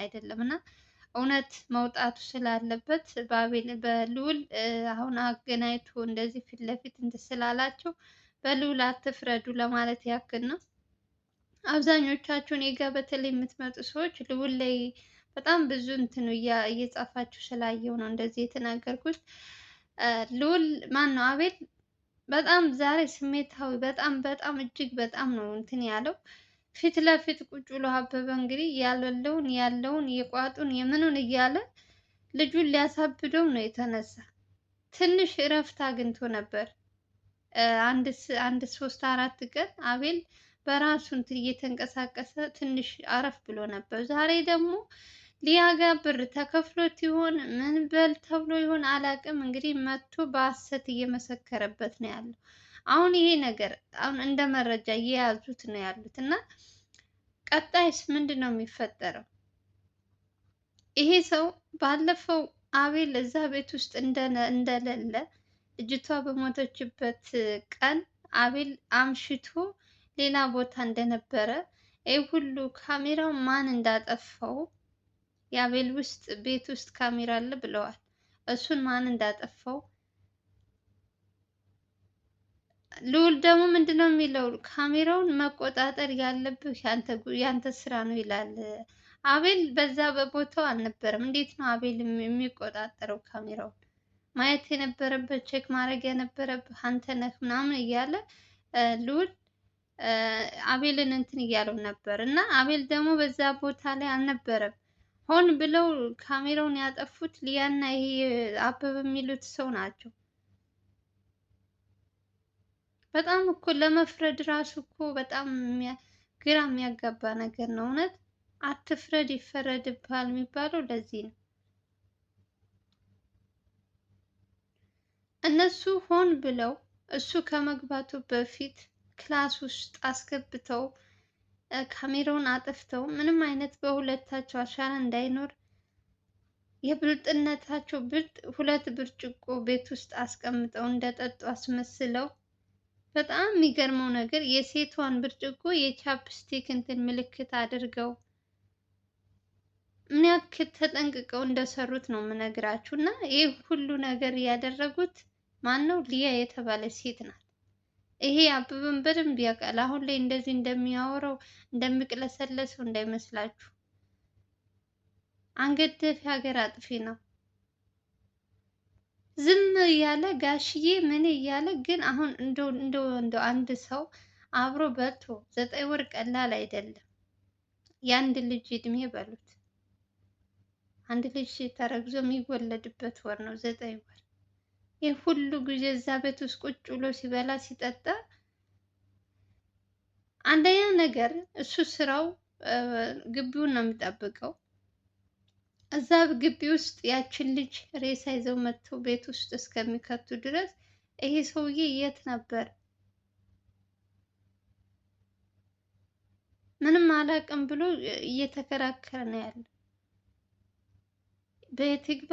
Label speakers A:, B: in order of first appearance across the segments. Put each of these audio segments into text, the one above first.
A: አይደለም እና እውነት መውጣቱ ስላለበት በአቤል በልዑል አሁን አገናኝቶ እንደዚህ ፊት ለፊት እንትን ስላላቸው በልዑል አትፍረዱ ለማለት ያክል ነው። አብዛኞቻችሁ እኔ ጋ በተለይ የምትመጡ ሰዎች ልዑል ላይ በጣም ብዙ እንትኑ እየጻፋችሁ ስላየው ነው እንደዚህ የተናገርኩት። ልዑል ማን ነው አቤል በጣም ዛሬ ስሜታዊ በጣም በጣም እጅግ በጣም ነው እንትን ያለው ፊት ለፊት ቁጭ ብሎ አበበ እንግዲህ ያለለውን ያለውን የቋጡን የምኑን እያለ ልጁን ሊያሳብደው ነው የተነሳ። ትንሽ እረፍት አግኝቶ ነበር። አንድ ሶስት አራት ቀን አቤል በራሱ እየተንቀሳቀሰ ትንሽ አረፍ ብሎ ነበር። ዛሬ ደግሞ ሊያጋብር ብር ተከፍሎት ይሆን ምን በል ተብሎ ይሆን አላቅም። እንግዲህ መጥቶ በሐሰት እየመሰከረበት ነው ያለው። አሁን ይሄ ነገር አሁን እንደ መረጃ እየያዙት ነው ያሉት እና ቀጣይስ ምንድን ነው የሚፈጠረው? ይሄ ሰው ባለፈው አቤል እዛ ቤት ውስጥ እንደሌለ ልጅቷ በሞተችበት ቀን አቤል አምሽቶ ሌላ ቦታ እንደነበረ ይህ ሁሉ ካሜራው ማን እንዳጠፋው የአቤል ውስጥ ቤት ውስጥ ካሜራ አለ ብለዋል። እሱን ማን እንዳጠፋው ልዑል ደግሞ ምንድን ነው የሚለው ካሜራውን መቆጣጠር ያለብህ ያንተ ስራ ነው ይላል። አቤል በዛ በቦታው አልነበረም። እንዴት ነው አቤል የሚቆጣጠረው ካሜራውን? ማየት የነበረበት ቼክ ማድረግ የነበረብህ አንተ ነህ ምናምን እያለ ልዑል አቤልን እንትን እያለው ነበር። እና አቤል ደግሞ በዛ ቦታ ላይ አልነበረም። ሆን ብለው ካሜራውን ያጠፉት ሊያና ይሄ አበበ የሚሉት ሰው ናቸው። በጣም እኮ ለመፍረድ ራሱ እኮ በጣም ግራ የሚያጋባ ነገር ነው። እውነት አትፍረድ ይፈረድብሃል የሚባለው ለዚህ ነው። እነሱ ሆን ብለው እሱ ከመግባቱ በፊት ክላስ ውስጥ አስገብተው ካሜራውን አጥፍተው ምንም አይነት በሁለታቸው አሻራ እንዳይኖር የብልጥነታቸው ብልጥ ሁለት ብርጭቆ ቤት ውስጥ አስቀምጠው እንደጠጡ አስመስለው በጣም የሚገርመው ነገር የሴቷን ብርጭቆ የቻፕስቲክ እንትን ምልክት አድርገው ምን ያክል ተጠንቅቀው እንደሰሩት ነው የምነግራችሁ። እና ይህ ሁሉ ነገር ያደረጉት ማነው? ሊያ የተባለ ሴት ናት። ይሄ አበበን በደንብ ያውቃል። አሁን ላይ እንደዚህ እንደሚያወራው እንደሚቅለሰለሰው እንዳይመስላችሁ። አንገት ደፊ ሀገር አጥፊ ነው። ዝም እያለ ጋሽዬ ምን እያለ ግን አሁን እንደው አንድ ሰው አብሮ በልቶ ዘጠኝ ወር ቀላል አይደለም። የአንድ ልጅ እድሜ በሉት አንድ ልጅ ተረግዞ የሚወለድበት ወር ነው ዘጠኝ ወር። ይህ ሁሉ ጊዜ እዛ ቤት ውስጥ ቁጭ ብሎ ሲበላ ሲጠጣ፣ አንደኛ ነገር እሱ ስራው ግቢውን ነው የሚጠብቀው። እዛ ግቢ ውስጥ ያችን ልጅ ሬሳ ይዘው መጥተው ቤት ውስጥ እስከሚከቱ ድረስ ይሄ ሰውዬ የት ነበር? ምንም አላውቅም ብሎ እየተከራከረ ነው ያለው። በየት ይግባ፣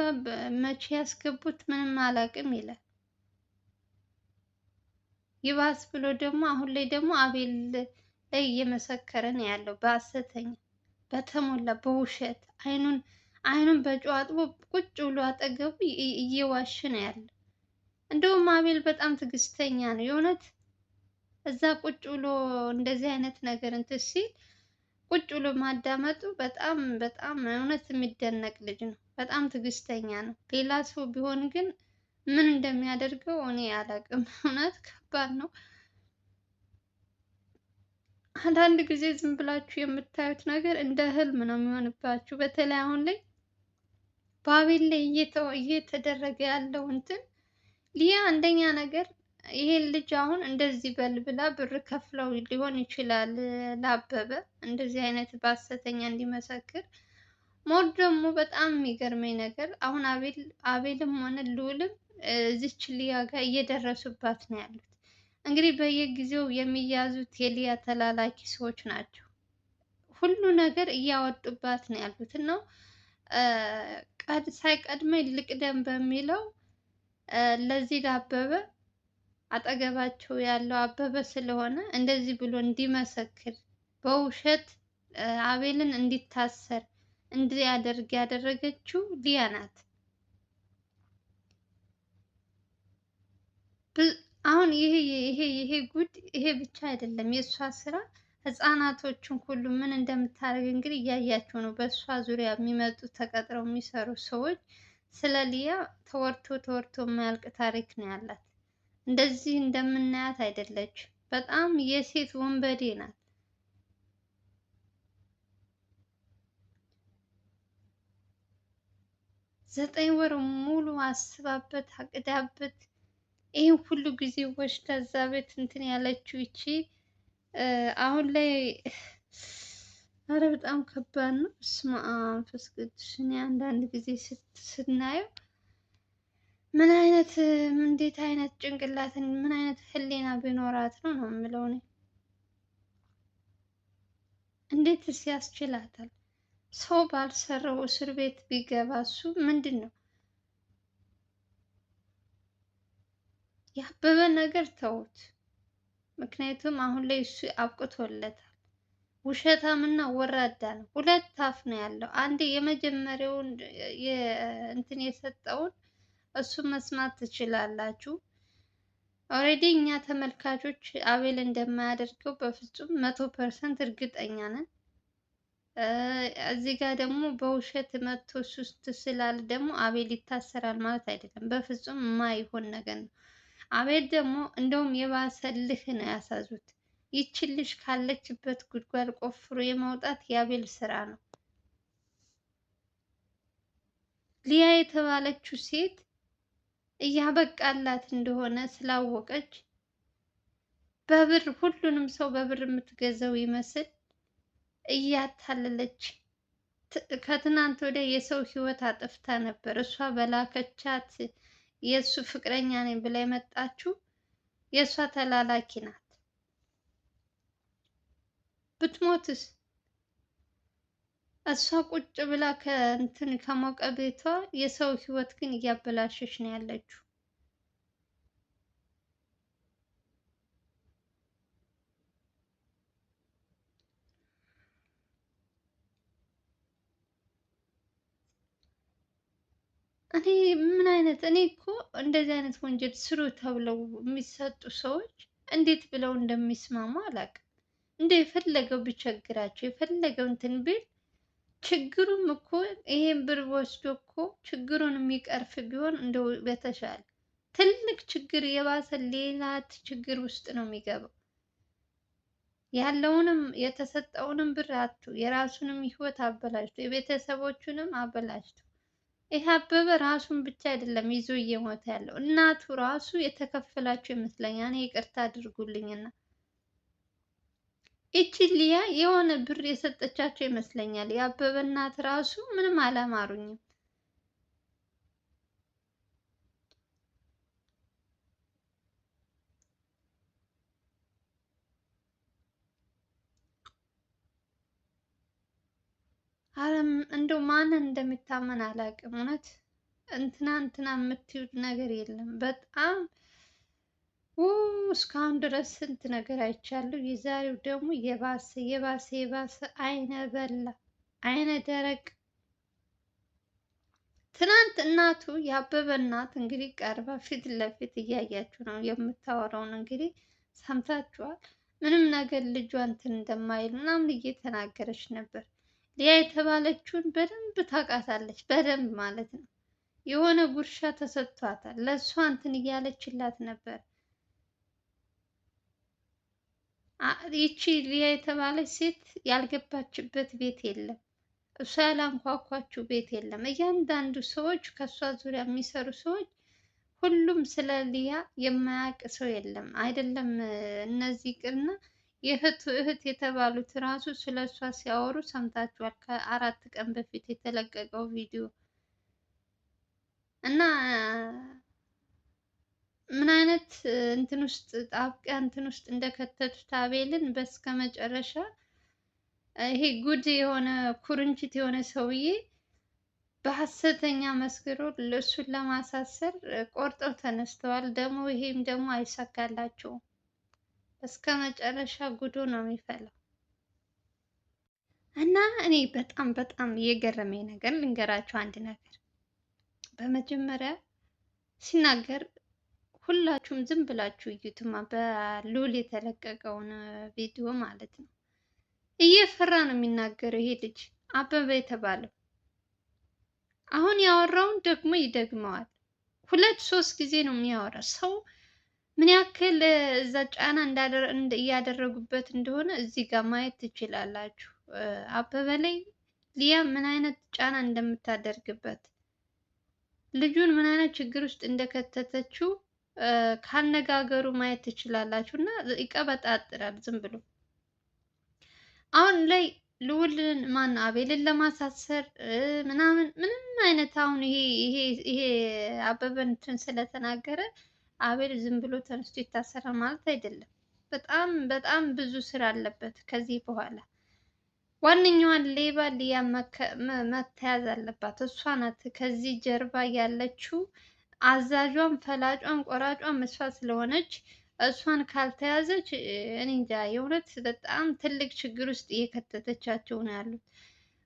A: መቼ ያስገቡት ምንም አላውቅም ይላል። ይባስ ብሎ ደግሞ አሁን ላይ ደግሞ አቤል ላይ እየመሰከረ ነው ያለው። በሐሰተኛ በተሞላ በውሸት አይኑን አይኑን በጨው አጥቦ ቁጭ ብሎ አጠገቡ እየዋሸ ነው ያለ። እንደውም አቤል በጣም ትዕግስተኛ ነው የእውነት እዛ ቁጭ ብሎ እንደዚህ አይነት ነገር እንትን ሲል ቁጭ ብሎ ማዳመጡ በጣም በጣም እውነት የሚደነቅ ልጅ ነው። በጣም ትዕግስተኛ ነው። ሌላ ሰው ቢሆን ግን ምን እንደሚያደርገው እኔ አላውቅም። እውነት ከባድ ነው። አንዳንድ ጊዜ ዝም ብላችሁ የምታዩት ነገር እንደ ህልም ነው የሚሆንባችሁ። በተለይ አሁን ላይ ባቤል ላይ እየተደረገ ያለው እንትን ሊያ አንደኛ ነገር ይሄን ልጅ አሁን እንደዚህ በል ብላ ብር ከፍለው ሊሆን ይችላል ላበበ እንደዚህ አይነት በሐሰተኛ እንዲመሰክር። ሞድ ደግሞ በጣም የሚገርመኝ ነገር አሁን አቤልም ሆነ ልውልም እዚች ሊያ ጋር እየደረሱባት ነው ያሉት። እንግዲህ በየጊዜው የሚያዙት የሊያ ተላላኪ ሰዎች ናቸው። ሁሉ ነገር እያወጡባት ነው ያሉት ነው ሳይቀድመኝ ልቅደም በሚለው ለዚህ ለአበበ አጠገባቸው ያለው አበበ ስለሆነ እንደዚህ ብሎ እንዲመሰክር በውሸት አቤልን እንዲታሰር እንዲያደርግ ያደረገችው ሊያ ናት። አሁን ይሄ ይሄ ይሄ ጉድ ይሄ ብቻ አይደለም የእሷ ስራ ህፃናቶችን ሁሉ ምን እንደምታደርግ እንግዲህ እያያቸው ነው። በእሷ ዙሪያ የሚመጡ ተቀጥረው የሚሰሩ ሰዎች ስለ ሊያ ተወርቶ ተወርቶ የማያልቅ ታሪክ ነው ያላት። እንደዚህ እንደምናያት አይደለች። በጣም የሴት ወንበዴ ናት። ዘጠኝ ወር ሙሉ አስባበት አቅዳበት ይህን ሁሉ ጊዜ ወስዳ እዛ ቤት እንትን ያለችው ይቺ አሁን ላይ አረ በጣም ከባድ ነው። እስማ መንፈስ ቅዱስ እኔ አንዳንድ ጊዜ ስናየው ምን አይነት እንዴት አይነት ጭንቅላትን ምን አይነት ህሊና ቢኖራት ነው ነው የምለው እኔ እንዴትስ ያስችላታል? ሰው ባልሰራው እስር ቤት ቢገባ እሱ ምንድን ነው ያበበ ነገር ተውት። ምክንያቱም አሁን ላይ እሱ አብቅቶለታል። ውሸታምና ወራዳ ነው። ሁለት አፍ ነው ያለው። አንዴ የመጀመሪያውን እንትን የሰጠውን እሱ መስማት ትችላላችሁ። ኦልሬዲ እኛ ተመልካቾች አቤል እንደማያደርገው በፍጹም መቶ ፐርሰንት እርግጠኛ ነን። እዚህ ጋር ደግሞ በውሸት መቶ ሱስት ስላለ ደግሞ አቤል ይታሰራል ማለት አይደለም። በፍጹም የማይሆን ነገር ነው። አቤል ደግሞ እንደውም የባሰ ልህ ነው ያሳዙት። ይቺ ልጅ ካለችበት ጉድጓድ ቆፍሮ የማውጣት የአቤል ስራ ነው። ሊያ የተባለችው ሴት እያበቃላት እንደሆነ ስላወቀች በብር ሁሉንም ሰው በብር የምትገዛው ይመስል እያታለለች ከትናንት ወዲያ የሰው ህይወት አጥፍታ ነበር። እሷ በላከቻት የእሱ ፍቅረኛ ነኝ ብላ የመጣችው የእሷ ተላላኪ ናት። ብትሞትስ እሷ ቁጭ ብላ ከእንትን ከሞቀ ቤቷ የሰው ህይወት ግን እያበላሸች ነው ያለችው። እኔ ምን አይነት እኔ እኮ እንደዚህ አይነት ወንጀል ስሩ ተብለው የሚሰጡ ሰዎች እንዴት ብለው እንደሚስማሙ አላውቅም። እንደ የፈለገው ቢቸግራቸው የፈለገው እንትን ቢል ችግሩም እኮ ይሄን ብር ወስዶ እኮ ችግሩን የሚቀርፍ ቢሆን እንደው በተሻለ ትልቅ ችግር የባሰ ሌላ ችግር ውስጥ ነው የሚገባው። ያለውንም የተሰጠውንም ብር አቶ የራሱንም ህይወት አበላሽቶ የቤተሰቦቹንም አበላሽቶ ይህ አበበ ራሱን ብቻ አይደለም ይዞ እየሞተ ያለው እናቱ ራሱ የተከፈላቸው ይመስለኛል። እኔ ይቅርታ አድርጉልኝና ይቺ ሊያ የሆነ ብር የሰጠቻቸው ይመስለኛል። የአበበ እናት ራሱ ምንም አላማሩኝም። አለም እንደው ማንን እንደሚታመን አላውቅም። እውነት እንትና እንትና የምትዩት ነገር የለም። በጣም እስካሁን ድረስ ስንት ነገር አይቻለሁ። የዛሬው ደግሞ የባሰ የባሰ የባሰ አይነ በላ አይነ ደረቅ። ትናንት እናቱ የአበበ እናት እንግዲህ ቀርባ ፊት ለፊት እያያችሁ ነው የምታወራውን እንግዲህ ሰምታችኋል። ምንም ነገር ልጇ እንትን እንደማይል ምናምን እየተናገረች ነበር። ሊያ የተባለችውን በደንብ ታውቃታለች። በደንብ ማለት ነው። የሆነ ጉርሻ ተሰጥቷታል። ለእሷ እንትን እያለችላት ነበር። ይቺ ሊያ የተባለች ሴት ያልገባችበት ቤት የለም። እሷ ያላንኳኳችው ቤት የለም። እያንዳንዱ ሰዎች ከእሷ ዙሪያ የሚሰሩ ሰዎች ሁሉም ስለ ሊያ የማያውቅ ሰው የለም። አይደለም እነዚህ ቅርና የእህቱ እህት የተባሉት ራሱ ስለ እሷ ሲያወሩ ሰምታችኋል። ከአራት ቀን በፊት የተለቀቀው ቪዲዮ እና ምን አይነት እንትን ውስጥ ጣብቂያ እንትን ውስጥ እንደከተቱት አቤልን በስከ መጨረሻ ይሄ ጉድ የሆነ ኩርንችት የሆነ ሰውዬ በሀሰተኛ መስክሮ እሱን ለማሳሰር ቆርጠው ተነስተዋል። ደግሞ ይሄም ደግሞ አይሳካላቸውም። እስከ መጨረሻ ጉዶ ነው የሚፈላው። እና እኔ በጣም በጣም የገረመኝ ነገር ልንገራችሁ አንድ ነገር። በመጀመሪያ ሲናገር ሁላችሁም ዝም ብላችሁ እዩትማ፣ በሉል የተለቀቀውን ቪዲዮ ማለት ነው። እየፈራ ነው የሚናገረው ይሄ ልጅ አበበ የተባለው። አሁን ያወራውን ደግሞ ይደግመዋል። ሁለት ሶስት ጊዜ ነው የሚያወራ ሰው ምን ያክል እዛ ጫና እያደረጉበት እንደሆነ እዚህ ጋር ማየት ትችላላችሁ። አበበ ላይ ሊያ ምን አይነት ጫና እንደምታደርግበት ልጁን ምን አይነት ችግር ውስጥ እንደከተተችው ካነጋገሩ ማየት ትችላላችሁ። እና ይቀበጣጥራል ዝም ብሎ አሁን ላይ ልውልን ማን አቤልን ለማሳሰር ምናምን ምንም አይነት አሁን ይሄ ይሄ ይሄ አበበ እንትን ስለተናገረ አቤል ዝም ብሎ ተነስቶ ይታሰራል ማለት አይደለም። በጣም በጣም ብዙ ስራ አለበት ከዚህ በኋላ። ዋነኛዋን ሌባ ሊያ መተያዝ አለባት። እሷ ናት ከዚህ ጀርባ ያለችው አዛዧን፣ ፈላጯም፣ ቆራጯን መስፋት ስለሆነች እሷን ካልተያዘች እኔ እንጃ የእውነት በጣም ትልቅ ችግር ውስጥ እየከተተቻቸው ነው ያሉት።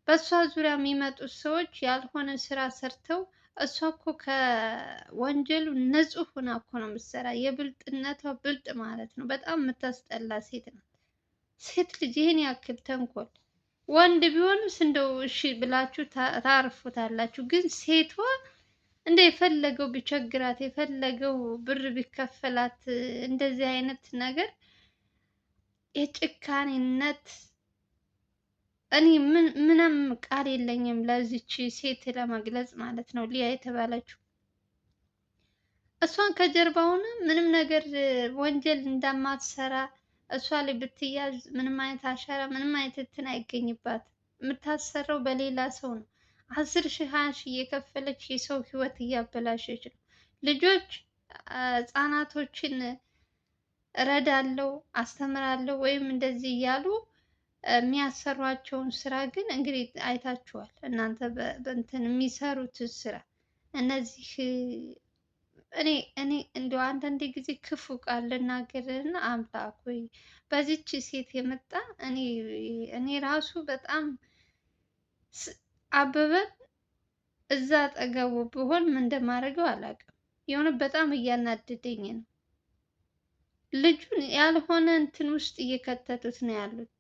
A: በእሷ ዙሪያ የሚመጡት ሰዎች ያልሆነ ስራ ሰርተው እሷ እኮ ከወንጀሉ ንጹህ ሆና እኮ ነው የምትሰራ። የብልጥነቷ ብልጥ ማለት ነው። በጣም የምታስጠላ ሴት ናት። ሴት ልጅ ይህን ያክል ተንኮል፣ ወንድ ቢሆንስ እንደው እሺ ብላችሁ ታርፉታላችሁ። ግን ሴቷ እንደ የፈለገው ቢቸግራት፣ የፈለገው ብር ቢከፈላት፣ እንደዚህ አይነት ነገር የጭካኔነት እኔ ምንም ቃል የለኝም ለዚች ሴት ለመግለጽ ማለት ነው። ሊያ የተባለችው እሷን ከጀርባ ሆነ ምንም ነገር ወንጀል እንደማትሰራ እሷ ላይ ብትያዝ ምንም አይነት አሻራ ምንም አይነት እንትን አይገኝባት። የምታሰራው በሌላ ሰው ነው። አስር ሺህ ሀያ ሺህ እየከፈለች የሰው ህይወት እያበላሸች ነው። ልጆች ህጻናቶችን እረዳለሁ፣ አስተምራለሁ ወይም እንደዚህ እያሉ የሚያሰሯቸውን ስራ ግን እንግዲህ አይታችኋል እናንተ በእንትን የሚሰሩትን ስራ እነዚህ እኔ እኔ እንደው አንዳንዴ ጊዜ ክፉ ቃል ልናገርና አምላክ ወይ በዚች ሴት የመጣ እኔ እኔ ራሱ በጣም አበበን እዛ አጠገቡ ብሆን ምን እንደማደርገው አላውቅም። የሆነ በጣም እያናደደኝ ነው። ልጁን ያልሆነ እንትን ውስጥ እየከተቱት ነው ያሉት።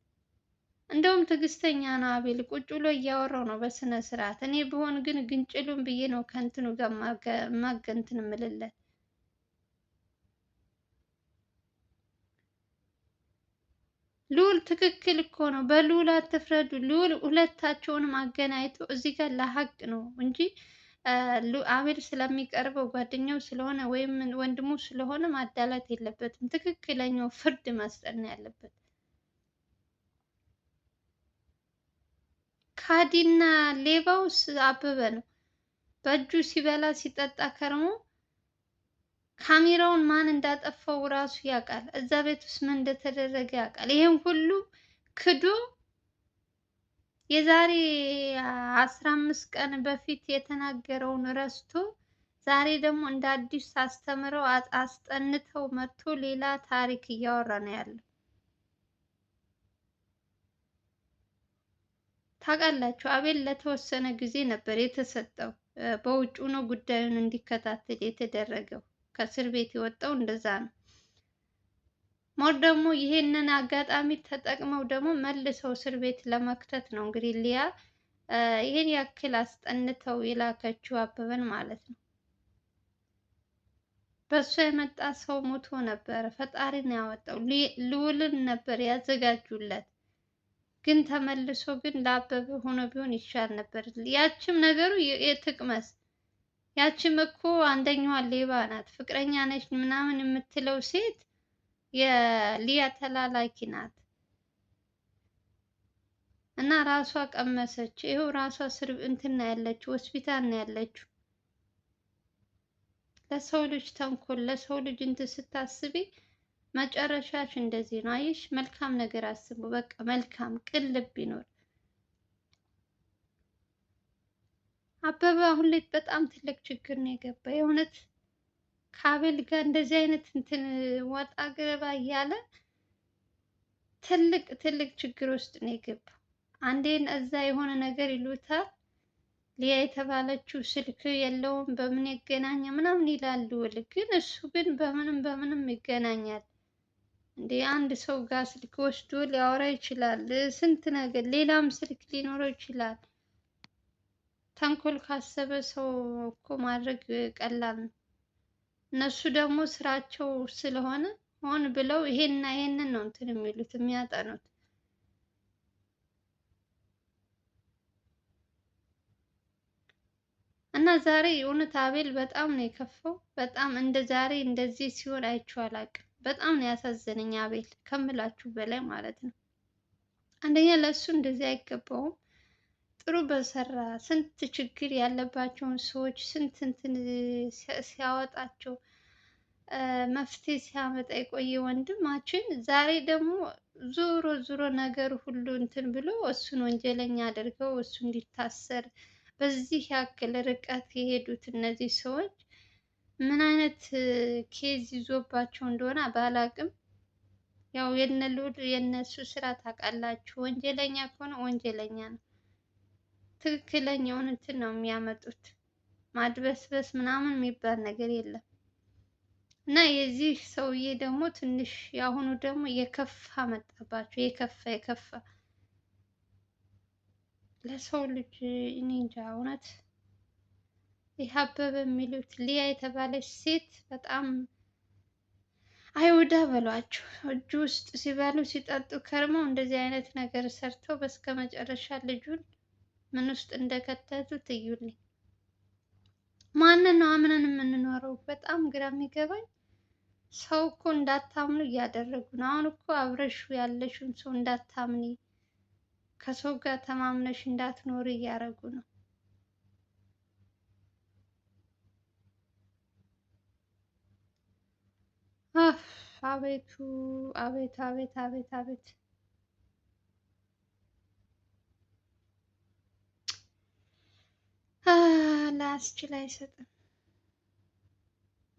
A: እንደውም ትዕግስተኛ ነው አቤል ቁጭ ብሎ እያወራው ነው በስነ ስርዓት። እኔ ብሆን ግን ግንጭሉን ብዬ ነው ከንትኑ ጋር ማገንትን ምልለት። ልዑል ትክክል እኮ ነው። በልዑል አትፍረዱ። ልዑል ሁለታቸውንም አገናኝቶ እዚህ ጋር ለሀቅ ነው እንጂ አቤል ስለሚቀርበው ጓደኛው ስለሆነ ወይም ወንድሙ ስለሆነ ማዳላት የለበትም። ትክክለኛው ፍርድ መስጠት ነው ያለበት። ካዲና ሌባውስ አበበ ነው። በእጁ ሲበላ ሲጠጣ ከርሞ ካሜራውን ማን እንዳጠፋው ራሱ ያውቃል። እዛ ቤት ውስጥ ምን እንደተደረገ ያውቃል። ይህም ሁሉ ክዶ የዛሬ አስራ አምስት ቀን በፊት የተናገረውን ረስቶ ዛሬ ደግሞ እንደ አዲስ አስተምረው አስጠንተው መጥቶ ሌላ ታሪክ እያወራ ነው ያለው። ታውቃላችሁ አቤል ለተወሰነ ጊዜ ነበር የተሰጠው። በውጭ ሆኖ ጉዳዩን እንዲከታተል የተደረገው ከእስር ቤት የወጣው እንደዛ ነው። ሞር ደግሞ ይሄንን አጋጣሚ ተጠቅመው ደግሞ መልሰው እስር ቤት ለመክተት ነው እንግዲህ ሊያ ይሄን ያክል አስጠንተው የላከችው አበበን ማለት ነው። በእሱ የመጣ ሰው ሞቶ ነበረ። ፈጣሪን ያወጣው። ልዑልን ነበር ያዘጋጁለት ግን ተመልሶ ግን ለአበበ ሆኖ ቢሆን ይሻል ነበር። ያችም ነገሩ የትቅመስ ያችም እኮ አንደኛዋ ሌባ ናት፣ ፍቅረኛ ነች ምናምን የምትለው ሴት የሊያ ተላላኪ ናት እና ራሷ ቀመሰች። ይኸው ራሷ ስር እንትና ያለችው ሆስፒታል ነው ያለችው። ለሰው ልጅ ተንኮል ለሰው ልጅ እንትን መጨረሻሽ እንደዚህ ነው። አየሽ፣ መልካም ነገር አስቡ። በቃ መልካም ቅን ልብ ይኖር። አበበ አሁን ላይ በጣም ትልቅ ችግር ነው የገባ የእውነት ከአቤል ጋር እንደዚህ አይነት እንትን ወጣ ገባ እያለ ትልቅ ትልቅ ችግር ውስጥ ነው የገባ። አንዴን እዛ የሆነ ነገር ይሉታል። ሊያ የተባለችው ስልክ የለውም በምን ይገናኛል ምናምን ይላሉ። ግን እሱ ግን በምንም በምንም ይገናኛል። እንደ አንድ ሰው ጋር ስልክ ወስዶ ሊያወራ ይችላል። ስንት ነገር ሌላም ስልክ ሊኖረው ይችላል። ተንኮል ካሰበ ሰው እኮ ማድረግ ቀላል ነው። እነሱ ደግሞ ስራቸው ስለሆነ ሆን ብለው ይሄንና ይሄንን ነው እንትን የሚሉት የሚያጠኑት። እና ዛሬ እውነት አቤል በጣም ነው የከፋው። በጣም እንደ ዛሬ እንደዚህ ሲሆን አይቼው አላውቅም። በጣም ነው ያሳዘነኝ አቤል ከምላችሁ በላይ ማለት ነው። አንደኛ ለእሱ እንደዚህ አይገባውም። ጥሩ በሰራ ስንት ችግር ያለባቸውን ሰዎች ስንት እንትን ሲያወጣቸው መፍትሄ ሲያመጣ የቆየ ወንድማችን ዛሬ ደግሞ ዞሮ ዞሮ ነገር ሁሉ እንትን ብሎ እሱን ወንጀለኛ አድርገው እሱ እንዲታሰር በዚህ ያክል ርቀት የሄዱት እነዚህ ሰዎች ምን አይነት ኬዝ ይዞባቸው እንደሆነ ባላቅም፣ ያው የነ ልዑል የነሱ ስራ ታውቃላችሁ። ወንጀለኛ ከሆነ ወንጀለኛ ነው። ትክክለኛውን እንትን ነው የሚያመጡት። ማድበስበስ ምናምን የሚባል ነገር የለም። እና የዚህ ሰውዬ ደግሞ ትንሽ የአሁኑ ደግሞ የከፋ መጣባቸው። የከፋ የከፋ ለሰው ልጅ እኔ እንጃ እውነት ይህ አበበ የሚሉት ሊያ የተባለች ሴት በጣም አይወዳ በሏቸው። እጁ ውስጥ ሲበሉ ሲጠጡ ከርመው እንደዚህ አይነት ነገር ሰርተው በስከ መጨረሻ ልጁን ምን ውስጥ እንደከተቱት እዩልኝ። ማንን ነው አምነን የምንኖረው? በጣም ግራ የሚገባኝ ሰው እኮ እንዳታምኑ እያደረጉ ነው። አሁን እኮ አብረሹ ያለሽውን ሰው እንዳታምኒ ከሰው ጋር ተማምነሽ እንዳትኖር እያደረጉ ነው። አቤቱ አቤት አቤት አቤት አቤት ላያስችል አይሰጥም።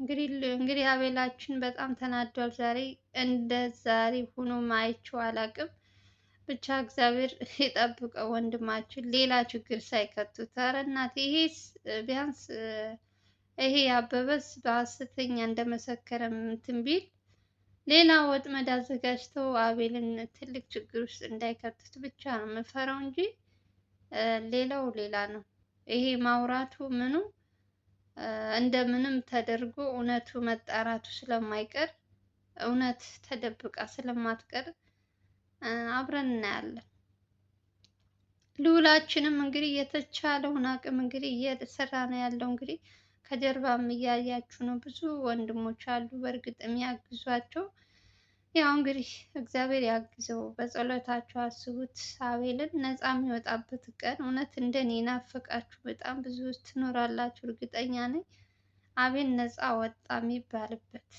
A: እንግዲህ እንግዲህ አቤላችን በጣም ተናዷል ዛሬ። እንደ ዛሬ ሆኖ አይቼው አላቅም። ብቻ እግዚአብሔር የጠብቀው ወንድማችን ሌላ ችግር ሳይከቱት። ኧረ እናቴ ይሄስ ቢያንስ ይሄ አበበስ በሐሰተኛ እንደመሰከረ እንትን ቢል ሌላ ወጥመድ አዘጋጅተው አቤልን ትልቅ ችግር ውስጥ እንዳይከቱት ብቻ ነው የምፈራው እንጂ ሌላው ሌላ ነው። ይሄ ማውራቱ ምኑ እንደምንም ተደርጎ እውነቱ መጣራቱ ስለማይቀር እውነት ተደብቃ ስለማትቀር አብረን እናያለን። ልዑላችንም እንግዲህ የተቻለውን አቅም እንግዲህ እየሰራ ነው ያለው እንግዲህ ከጀርባም እያያችሁ ነው። ብዙ ወንድሞች አሉ በእርግጥ የሚያግዟቸው። ያው እንግዲህ እግዚአብሔር ያግዘው፣ በጸሎታችሁ አስቡት። አቤልን ነፃ የሚወጣበት ቀን እውነት እንደኔ ናፈቃችሁ በጣም ብዙ ትኖራላችሁ፣ እርግጠኛ ነኝ። አቤል ነፃ ወጣ የሚባልበት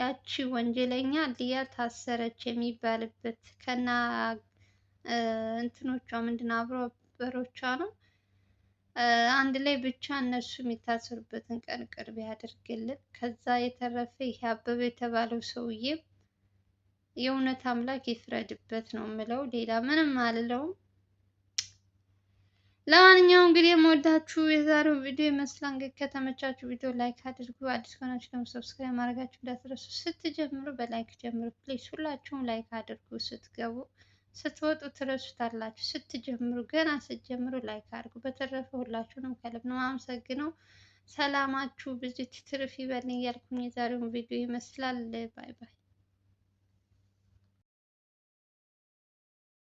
A: ያቺ ወንጀለኛ ልያ ታሰረች የሚባልበት ከና እንትኖቿ ምንድን አብሮ በሮቿ ነው አንድ ላይ ብቻ እነሱ የሚታሰሩበትን ቀን ቅርብ ያደርግልን። ከዛ የተረፈ ይሄ አበበ የተባለው ሰውዬ የእውነት አምላክ ይፍረድበት ነው የምለው። ሌላ ምንም አልለውም። ለማንኛውም እንግዲህ የምወዳችሁ የዛሬው ቪዲዮ ይመስላል። እንግዲህ ከተመቻችሁ ቪዲዮ ላይክ አድርጉ። አዲስ ከሆናችሁ ደግሞ ሰብስክራይብ ማድረጋችሁ እንዳትረሱ። ስትጀምሩ በላይክ ጀምሩ ፕሊዝ። ሁላችሁም ላይክ አድርጉ ስትገቡ ስትወጡ ትረሱታላችሁ። ስትጀምሩ ገና ስትጀምሩ ላይክ አድርጉ። በተረፈ ሁላችሁንም ከልብ ነው አመሰግነው። ሰላማችሁ ብዙ ትርፍ ይበልኝ እያልኩኝ የዛሬውን ቪዲዮ ይመስላል። ባይ ባይ።